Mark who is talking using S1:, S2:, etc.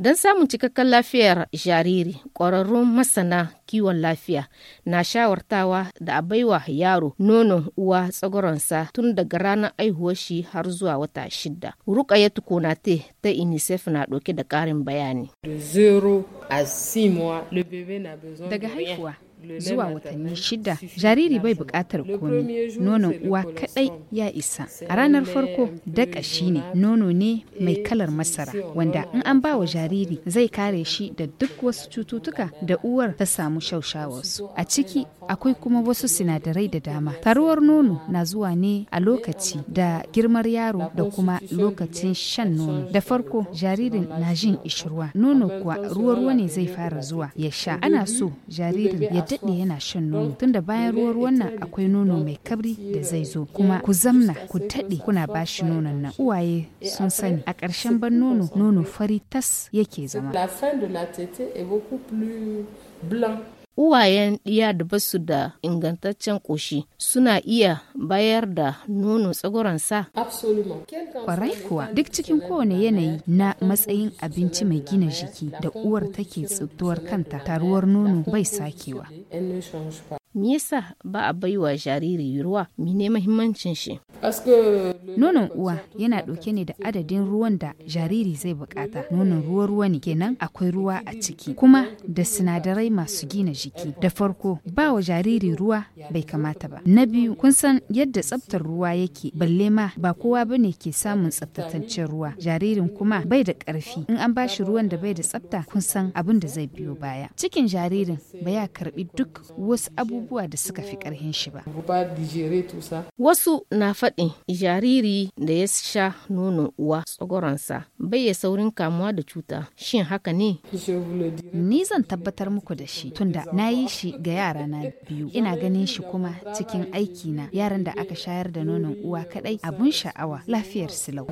S1: Don samun cikakken lafiyar jariri, ƙwararrun masana kiwon lafiya na shawartawa da a baiwa yaro nono uwa tsagoronsa tun daga ranar aihuwar shi har zuwa wata shida. Rukaya Tukunate ta UNICEF na ɗauke da ƙarin bayani. Daga haihuwa, zuwa
S2: watanni shida
S1: jariri bai buƙatar komi nonon uwa kaɗai
S2: ya isa a ranar farko daka shi ne nono ne mai kalar masara wanda in an ba wa jariri zai kare shi da duk wasu cututtuka da uwar ta samu shaushawarsu a ciki akwai kuma wasu sinadarai da dama taruwar nono na zuwa ne a lokaci da girmar yaro da kuma lokacin shan nono da farko jaririn na jin ishirwa nono kuwa ruwa-ruwa ne zai fara zuwa ya sha ana so jaririn ya daɗe yana shan nono tunda bayan ruwan wannan akwai nono mai kabri da zai zo kuma ku zamna ku taɗe kuna ba shi nonon nan uwaye eh, sun sani a ƙarshen ban nono nono fari tas yake
S1: zama. uwayen ɗiya da basu da ingantaccen ƙoshi suna iya bayar da nono tsagoransa? Kwarai kuwa duk cikin kowane yanayi na matsayin abinci mai
S2: gina jiki da uwar take tsuttuwar kanta taruwar nono bai sakewa.
S1: Me yasa ba a baiwa jariri ruwa mene mahimmancin shi? Nonon uwa yana ɗauke ne da adadin ruwan da jariri zai bukata. Nonon ruwa ruwa
S2: ne kenan akwai ruwa a ciki kuma da sinadarai masu gina jiki. Da farko ba wa jariri ruwa bai kamata ba. Na biyu kun san yadda tsaftar ruwa yake balle ma ba kowa ba ne ke samun tsaftataccen ruwa. Jaririn kuma bai da ƙarfi in an bashi ruwan da bai da euh, tsafta kun san abin da zai biyo baya. Cikin jaririn ba ya karɓi duk wasu abubuwa da
S1: suka fi ƙarhin shi ba. Wasu na faɗi ɗin jariri da ya sha nonon uwa tsogoransa bai ya saurin kamuwa da cuta shin haka ne ni zan tabbatar muku da shi tunda na yi shi ga yara na
S2: biyu ina ganin shi kuma cikin aiki na yaran da aka shayar da nonon uwa kadai abun sha'awa lafiyar silau